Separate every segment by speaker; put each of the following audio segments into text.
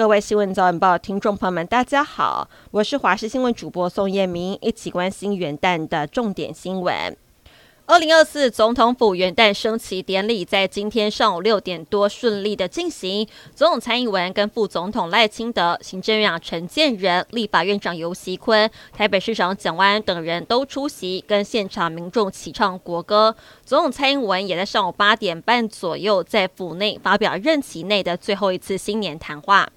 Speaker 1: 各位新聞早晚報聽眾朋友們，大家好，我是華視新聞主播宋彥明，一起關心元旦的重點新聞。二零二四總統府元旦升旗典禮在今天上午六點多順利的進行，總統蔡英文跟副總統賴清德、行政院長陳建仁、立法院長游錫堃、台北市長蔣萬安等人都出席，跟現場民眾齊唱國歌。總統蔡英文也在上午八點半左右在府內發表任期內的最後一次新年談話。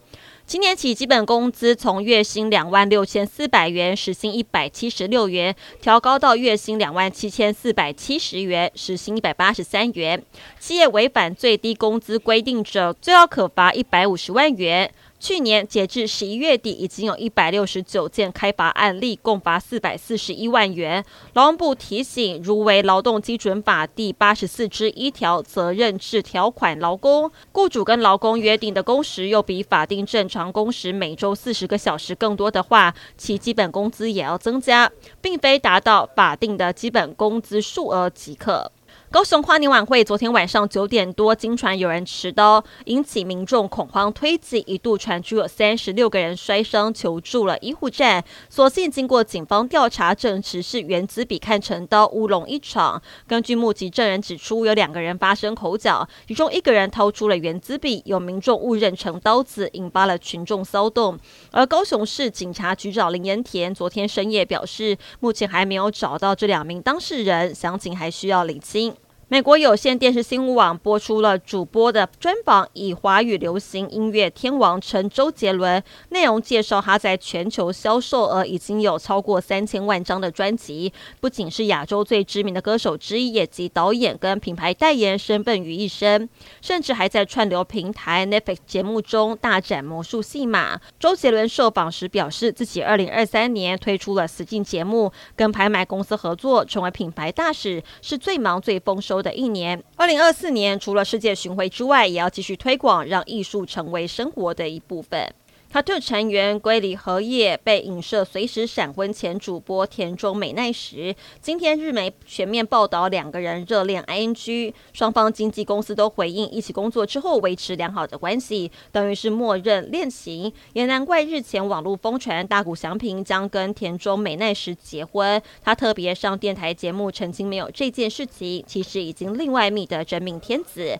Speaker 1: 今年起，基本工資從月薪兩萬六千四百元，時薪一百七十六元，調高到月薪兩萬七千四百七十元，時薪一百八十三元。企業違反最低工資規定者，最高可罰一百五十萬元。去年截至十一月底，已經有一百六十九件開罰案例，共罰四百四十一萬元。勞動部提醒，如為勞動基準法第八十四之一條責任制條款勞工，僱主跟勞工約定的工時又比法定正常工時每週四十個小時更多的話，其基本工資也要增加，並非達到法定的基本工資數額即可。高雄跨年晚會昨天晚上九點多，驚傳有人持刀，引起民眾恐慌推，推擠一度傳出有三十六個人摔傷，求助了醫護站。所幸經過警方調查，證實是原子筆看成刀，烏龍一場。根據目擊證人指出，有兩個人發生口角，其中一個人掏出了原子筆，有民眾誤認成刀子，引發了群眾騷動。而高雄市警察局長林炎田昨天深夜表示，目前還沒有找到這兩名當事人，詳情還需要釐清。美國有線電視新聞網播出了主播的專訪，以華語流行音樂天王稱周杰倫。內容介紹他在全球銷售額已經有超過三千萬張的專輯，不僅是亞洲最知名的歌手之一，也集導演跟品牌代言身份於一身，甚至還在串流平台 Netflix 節目中大展魔術戲碼。周杰倫受訪時表示，自己二零二三年推出了實境節目，跟拍賣公司合作，成為品牌大使，是最忙最豐收的一年，二零二四年，除了世界巡回之外，也要繼續推廣，讓藝術成為生活的一部分。他特成員歸離和葉被影射，隨時閃婚前主播田中美奈實。今天日媒全面報道兩個人熱戀 ING，雙方經紀公司都回應，一起工作之後維持良好的關係，等於是默認戀情。也難怪日前網絡瘋傳大谷翔平將跟田中美奈實結婚，他特別上電台節目澄清，沒有這件事情，其實已經另外覓得真命天子。